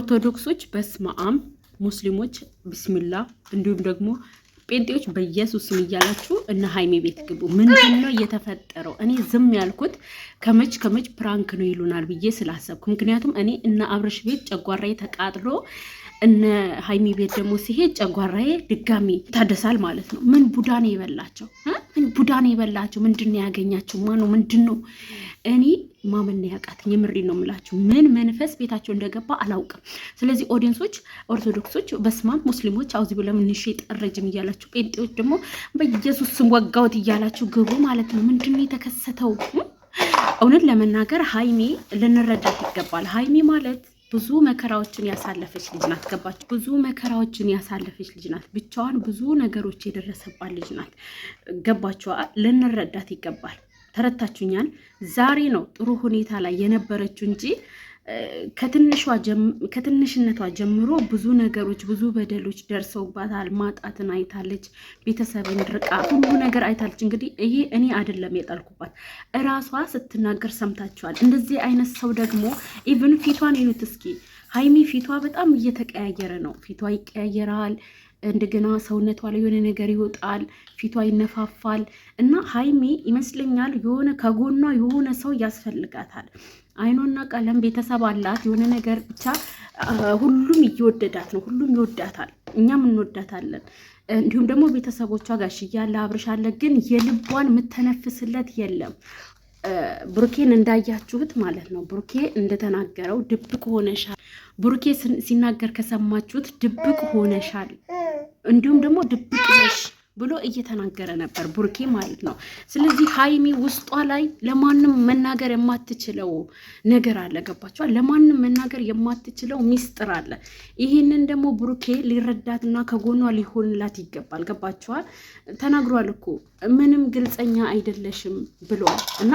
ኦርቶዶክሶች በስማአም ሙስሊሞች ብስሚላ፣ እንዲሁም ደግሞ ጴንጤዎች በኢየሱስ ስም እያላችሁ እነ ሀይሜ ቤት ግቡ። ምንድን ነው እየተፈጠረው? እኔ ዝም ያልኩት ከመች ከመች ፕራንክ ነው ይሉናል ብዬ ስላሰብኩ፣ ምክንያቱም እኔ እነ አብረሽ ቤት ጨጓራዬ ተቃጥሎ እነ ሀይሜ ቤት ደግሞ ሲሄድ ጨጓራዬ ድጋሚ ይታደሳል ማለት ነው። ምን ቡዳ ነው የበላቸው? ምን ቡዳን የበላቸው ምንድን ነው ያገኛችሁ? ምንድን ነው? እኔ ማመን ያቃተኝ የምሬ ነው የምላችሁ። ምን መንፈስ ቤታቸው እንደገባ አላውቅም። ስለዚህ ኦዲየንሶች፣ ኦርቶዶክሶች በስማም ሙስሊሞች አውዚ ብለምን ሸይጣን ረጅም እያላችሁ፣ ጴንጤዎች ደግሞ በኢየሱስ ስም ወጋውት እያላችሁ ግቡ ማለት ነው። ምንድን ነው የተከሰተው? እውነት ለመናገር ሀይሜ ልንረዳት ይገባል። ሀይሜ ማለት ብዙ መከራዎችን ያሳለፈች ልጅ ናት። ገባች? ብዙ መከራዎችን ያሳለፈች ልጅ ናት። ብቻዋን ብዙ ነገሮች የደረሰባት ልጅ ናት። ገባችዋ ልንረዳት ይገባል። ተረታችሁኛል። ዛሬ ነው ጥሩ ሁኔታ ላይ የነበረችው እንጂ ከትንሽነቷ ጀምሮ ብዙ ነገሮች ብዙ በደሎች ደርሰውባታል። ማጣትን አይታለች፣ ቤተሰብን ርቃ፣ ሁሉ ነገር አይታለች። እንግዲህ ይሄ እኔ አይደለም የጣልኩባት እራሷ ስትናገር ሰምታችኋል። እንደዚህ አይነት ሰው ደግሞ ኢቭን ፊቷን ይሉት እስኪ። ሀይሚ ፊቷ በጣም እየተቀያየረ ነው። ፊቷ ይቀያየራል። እንደገና ሰውነቷ ላይ የሆነ ነገር ይወጣል፣ ፊቷ ይነፋፋል እና ሀይሚ ይመስለኛል የሆነ ከጎኗ የሆነ ሰው ያስፈልጋታል። አይኖና ቀለም ቤተሰብ አላት፣ የሆነ ነገር ብቻ ሁሉም እየወደዳት ነው። ሁሉም ይወዳታል፣ እኛም እንወዳታለን። እንዲሁም ደግሞ ቤተሰቦቿ ጋሽዬ አለ፣ አብርሻለ ግን የልቧን የምተነፍስለት የለም። ብሩኬን እንዳያችሁት ማለት ነው። ብሩኬ እንደተናገረው ድብቅ ሆነሻል። ብሩኬ ሲናገር ከሰማችሁት ድብቅ ሆነሻል፣ እንዲሁም ደግሞ ድብቅ ነሽ ብሎ እየተናገረ ነበር ቡርኬ ማለት ነው። ስለዚህ ሀይሚ ውስጧ ላይ ለማንም መናገር የማትችለው ነገር አለ። ገባችኋል? ለማንም መናገር የማትችለው ሚስጥር አለ። ይህንን ደግሞ ቡርኬ ሊረዳትና ከጎኗ ሊሆንላት ይገባል። ገባችኋል? ተናግሯል እኮ ምንም ግልጸኛ አይደለሽም ብሏል። እና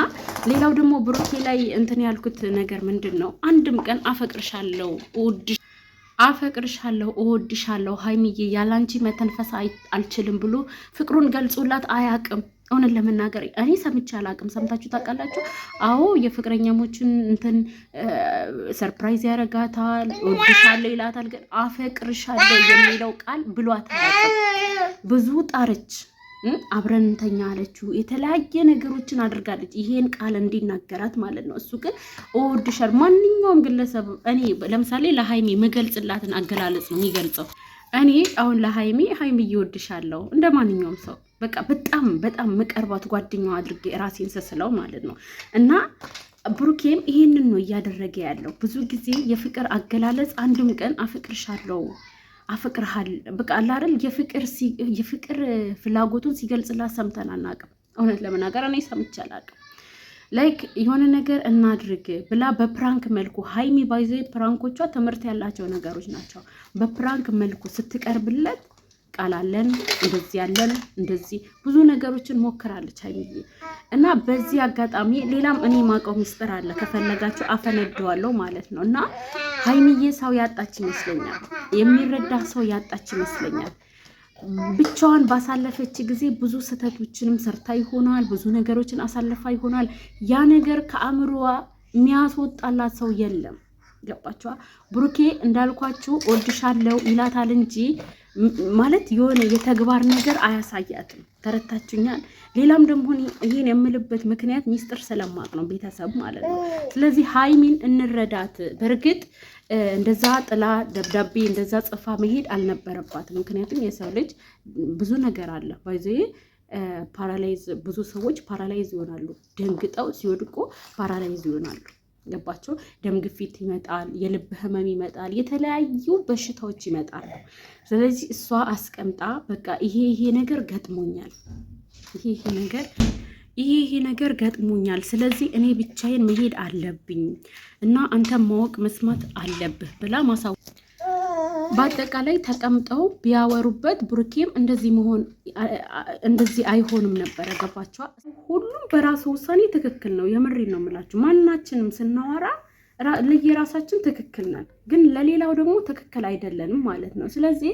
ሌላው ደግሞ ቡርኬ ላይ እንትን ያልኩት ነገር ምንድን ነው? አንድም ቀን አፈቅርሻለሁ ውድ አፈቅርሻለሁ፣ እወድሻለሁ ሀይሚዬ ያላንቺ መተንፈስ አልችልም ብሎ ፍቅሩን ገልጾላት አያቅም። እውነት ለመናገር እኔ ሰምቼ አላቅም። ሰምታችሁ ታውቃላችሁ? አዎ የፍቅረኛሞችን እንትን ሰርፕራይዝ ያደርጋታል፣ እወድሻለሁ ይላታል። ግን አፈቅርሻለሁ የሚለው ቃል ብሏት ብዙ ጣረች። አብረን እንተኛ አለችው። የተለያየ ነገሮችን አድርጋለች፣ ይሄን ቃል እንዲናገራት ማለት ነው። እሱ ግን ኦወድሻል ማንኛውም ግለሰብ እኔ ለምሳሌ ለሀይሜ መገልጽላትን አገላለጽ ነው የሚገልጸው። እኔ አሁን ለሀይሜ ሀይሜ እየወድሻለሁ እንደ ማንኛውም ሰው በቃ በጣም በጣም መቀርባት ጓደኛው አድርጌ ራሴን ስስለው ማለት ነው እና ብሩኬም ይሄንን ነው እያደረገ ያለው። ብዙ ጊዜ የፍቅር አገላለጽ አንድም ቀን አፍቅርሻለሁ አፈቅርሃል በቃ አይደል የፍቅር ፍላጎቱን ሲገልጽላት ሰምተን አናቅም። እውነት ለመናገር እኔ ሰምቼ አላውቅም። ላይክ የሆነ ነገር እናድርግ ብላ በፕራንክ መልኩ ሀይሚ ባይዘ ፕራንኮቿ ትምህርት ያላቸው ነገሮች ናቸው። በፕራንክ መልኩ ስትቀርብለት ቃላለን እንደዚህ ያለን እንደዚህ ብዙ ነገሮችን ሞክራለች ሀይሚዬ እና በዚህ አጋጣሚ ሌላም እኔ ማውቀው ሚስጥር አለ ከፈለጋችሁ አፈነደዋለሁ ማለት ነው። እና ሀይሚዬ ሰው ያጣች ይመስለኛል፣ የሚረዳ ሰው ያጣች ይመስለኛል። ብቻዋን ባሳለፈች ጊዜ ብዙ ስህተቶችንም ሰርታ ይሆናል፣ ብዙ ነገሮችን አሳልፋ ይሆናል። ያ ነገር ከአእምሮዋ የሚያስወጣላት ሰው የለም። ገባችኋ? ብሩኬ እንዳልኳችሁ ወድሻለሁ ይላታል እንጂ ማለት የሆነ የተግባር ነገር አያሳያትም። ተረታችኛል። ሌላም ደግሞ ይህን የምልበት ምክንያት ሚስጥር ስለማቅ ነው፣ ቤተሰብ ማለት ነው። ስለዚህ ሀይሚን እንረዳት። በእርግጥ እንደዛ ጥላ ደብዳቤ እንደዛ ጽፋ መሄድ አልነበረባትም። ምክንያቱም የሰው ልጅ ብዙ ነገር አለ ባይዘ ፓራላይዝ ብዙ ሰዎች ፓራላይዝ ይሆናሉ። ደንግጠው ሲወድቁ ፓራላይዝ ይሆናሉ። ገባችሁ? ደም ግፊት ይመጣል፣ የልብ ህመም ይመጣል፣ የተለያዩ በሽታዎች ይመጣሉ። ስለዚህ እሷ አስቀምጣ በቃ ይሄ ይሄ ነገር ገጥሞኛል፣ ይሄ ይሄ ነገር ይሄ ይሄ ነገር ገጥሞኛል። ስለዚህ እኔ ብቻዬን መሄድ አለብኝ እና አንተ ማወቅ መስማት አለብህ ብላ ማሳወቅ በአጠቃላይ ተቀምጠው ቢያወሩበት ብሩኬም እንደዚህ መሆን እንደዚህ አይሆንም ነበረ። ገባችኋ? ሁሉም በራሱ ውሳኔ ትክክል ነው። የምሬን ነው የምላችሁ። ማናችንም ስናወራ ለየራሳችን ትክክል ነን፣ ግን ለሌላው ደግሞ ትክክል አይደለንም ማለት ነው። ስለዚህ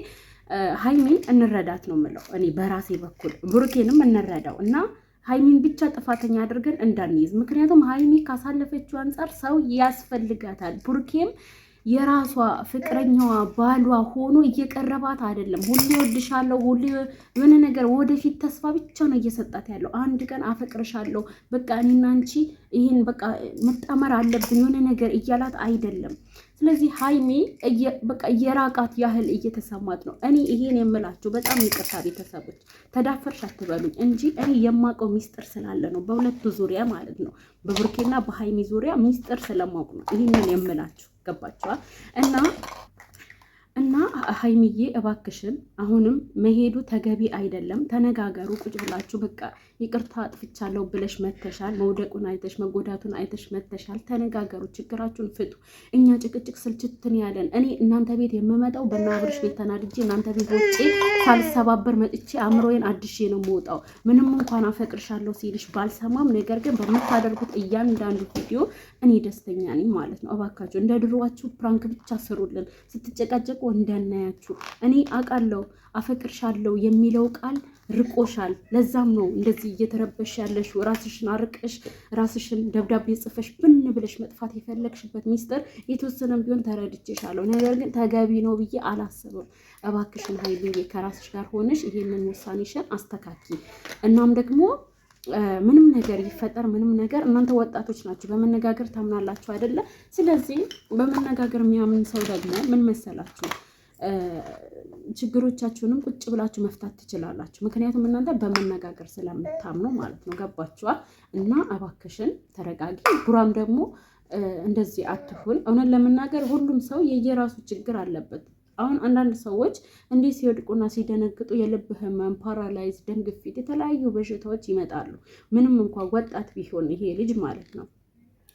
ሀይሚን እንረዳት ነው የምለው እኔ በራሴ በኩል ብሩኬንም እንረዳው እና ሀይሚን ብቻ ጥፋተኛ አድርገን እንዳንይዝ። ምክንያቱም ሀይሚ ካሳለፈችው አንጻር ሰው ያስፈልጋታል ብሩኬም የራሷ ፍቅረኛዋ ባሏ ሆኖ እየቀረባት አይደለም። ሁሌ ወድሻለሁ፣ ሁሌ የሆነ ነገር ወደፊት ተስፋ ብቻ ነው እየሰጣት ያለው። አንድ ቀን አፈቅርሻለሁ፣ በቃ እኔና አንቺ ይህን በቃ መጣመር አለብን የሆነ ነገር እያላት አይደለም። ስለዚህ ሀይሚ በቃ የራቃት ያህል እየተሰማት ነው። እኔ ይሄን የምላችሁ በጣም ይቅርታ ቤተሰቦች፣ ተዳፈርሽ አትበሉኝ እንጂ እኔ የማውቀው ሚስጥር ስላለ ነው። በሁለቱ ዙሪያ ማለት ነው፣ በብሩኬና በሀይሚ ዙሪያ ሚስጥር ስለማውቅ ነው ይህንን የምላችሁ። ገባችኋል እና እና ሀይሚዬ እባክሽን አሁንም መሄዱ ተገቢ አይደለም። ተነጋገሩ፣ ቁጭ ብላችሁ በቃ ይቅርታ አጥፍቻለሁ ብለሽ መተሻል፣ መውደቁን አይተሽ መጎዳቱን አይተሽ መተሻል። ተነጋገሩ፣ ችግራችሁን ፍጡ። እኛ ጭቅጭቅ ስልችትን ያለን እኔ እናንተ ቤት የምመጣው በናብርሽ ቤት ተናድጄ እናንተ ቤት ውጭ ሳልሰባበር መጥቼ አእምሮዬን አድሼ ነው የምወጣው። ምንም እንኳን አፈቅርሻለሁ ሲልሽ ባልሰማም፣ ነገር ግን በምታደርጉት እያንዳንዱ ቪዲዮ እኔ ደስተኛ ነኝ ማለት ነው። እባካችሁ እንደ ድሮዋችሁ ፕራንክ ብቻ ስሩልን ስትጨቃጨቁ ርቆ እንዳናያችሁ። እኔ አውቃለሁ አፈቅርሻለሁ የሚለው ቃል ርቆሻል። ለዛም ነው እንደዚህ እየተረበሽ ያለሽ። ራስሽን አርቀሽ ራስሽን ደብዳቤ ጽፈሽ ብን ብለሽ መጥፋት የፈለግሽበት ሚስጥር የተወሰነም ቢሆን ተረድቼሻለሁ። ነገር ግን ተገቢ ነው ብዬ አላሰብም። እባክሽን ሀይልዬ ከራስሽ ጋር ሆነሽ ይሄንን ውሳኔሽን አስተካኪ። እናም ደግሞ ምንም ነገር ይፈጠር ምንም ነገር እናንተ ወጣቶች ናችሁ፣ በመነጋገር ታምናላችሁ አይደለ? ስለዚህ በመነጋገር የሚያምን ሰው ደግሞ ምን መሰላችሁ ችግሮቻችሁንም ቁጭ ብላችሁ መፍታት ትችላላችሁ። ምክንያቱም እናንተ በመነጋገር ስለምታምኑ ማለት ነው። ገባችኋል? እና እባክሽን ተረጋጊ። ጉራም ደግሞ እንደዚህ አትሁን። እውነት ለመናገር ሁሉም ሰው የየራሱ ችግር አለበት። አሁን አንዳንድ ሰዎች እንዴት ሲወድቁና ሲደነግጡ የልብ ህመም፣ ፓራላይዝ፣ ደም ግፊት፣ የተለያዩ በሽታዎች ይመጣሉ። ምንም እንኳ ወጣት ቢሆን ይሄ ልጅ ማለት ነው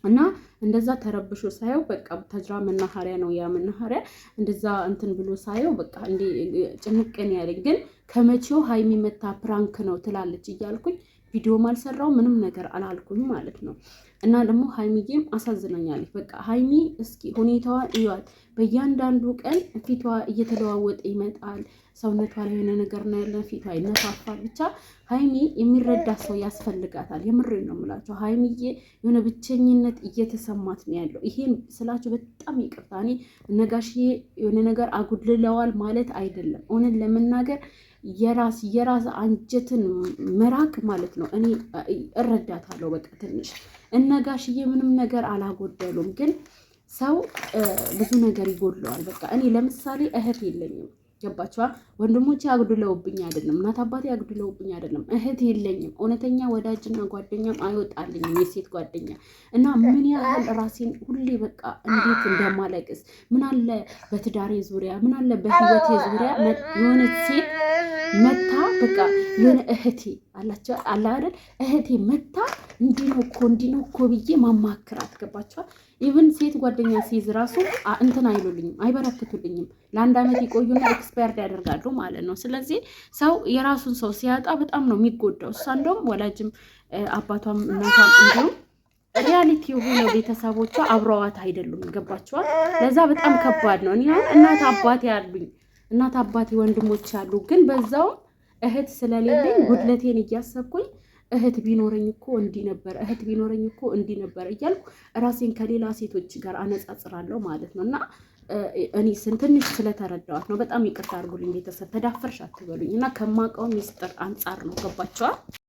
እና እንደዛ ተረብሾ ሳየው በቃ ተጅራ መናኸሪያ ነው ያ መናኸሪያ። እንደዛ እንትን ብሎ ሳየው በቃ እንዴ ጭንቅን ያለኝ ግን ከመቼው ሀይሚ መታ ፕራንክ ነው ትላለች እያልኩኝ ቪዲዮም አልሰራው ምንም ነገር አላልኩኝ ማለት ነው። እና ደግሞ ሀይሚዬም አሳዝነኛለች። በቃ ሀይሚ እስኪ ሁኔታዋ እዩዋት። በእያንዳንዱ ቀን ፊቷ እየተለዋወጠ ይመጣል። ሰውነቷ ላይ የሆነ ነገር ነው ያለ፣ ፊቷ ይነፋፋል። ብቻ ሀይሚ የሚረዳ ሰው ያስፈልጋታል። የምሬ ነው የምላቸው። ሀይሚዬ የሆነ ብቸኝነት እየተሰማት ነው ያለው። ይሄን ስላቸው በጣም ይቅርታ። እኔ ነጋሽዬ የሆነ ነገር አጉድለዋል ማለት አይደለም፣ እውነት ለመናገር የራስ የራስ አንጀትን መራክ ማለት ነው። እኔ እረዳታለሁ። በቃ ትንሽ እነጋሽዬ ምንም ነገር አላጎደሉም፣ ግን ሰው ብዙ ነገር ይጎድለዋል። በቃ እኔ ለምሳሌ እህት የለኝም ገባችኋ? ወንድሞች አግዱለውብኝ አይደለም፣ እናት አባቴ አግዱለውብኝ አይደለም፣ እህት የለኝም። እውነተኛ ወዳጅና ጓደኛም አይወጣልኝም፣ የሴት ጓደኛ እና ምን ያህል ራሴን ሁሌ በቃ እንዴት እንደማለቅስ ምን አለ በትዳሬ ዙሪያ ምን አለ በህይወቴ ዙሪያ የሆነች ሴት መታ በቃ የሆነ እህቴ አላቸው አለ አይደል እህቴ መታ እንዲህ ነው እኮ እንዲህ ነው እኮ ብዬ ማማክራት አትገባቸዋል። ኢቭን ሴት ጓደኛ ሲይዝ ራሱ እንትን አይሉልኝም፣ አይበረክቱልኝም። ለአንድ ዓመት ይቆዩና ኤክስፓየርድ ያደርጋሉ ማለት ነው። ስለዚህ ሰው የራሱን ሰው ሲያጣ በጣም ነው የሚጎዳው። እሷ እንደውም ወላጅም አባቷም እናቷም እንዲሁም ሪያሊቲ የሆነ ቤተሰቦቿ አብረዋት አይደሉም። ገባችኋል። ለዛ በጣም ከባድ ነው። እኔ እናት አባቴ ያሉኝ እናት አባቴ ወንድሞች አሉ ግን በዛውም እህት ስለሌለኝ ጉድለቴን እያሰብኩኝ እህት ቢኖረኝ እኮ እንዲህ ነበር፣ እህት ቢኖረኝ እኮ እንዲህ ነበር እያልኩ ራሴን ከሌላ ሴቶች ጋር አነጻጽራለሁ ማለት ነው እና እኔ ስን ትንሽ ስለተረዳዋት ነው። በጣም ይቅርታ አድርጉልኝ ቤተሰብ፣ ተዳፈርሽ አትበሉኝ እና ከማውቀው ሚስጥር አንጻር ነው ገባቸዋል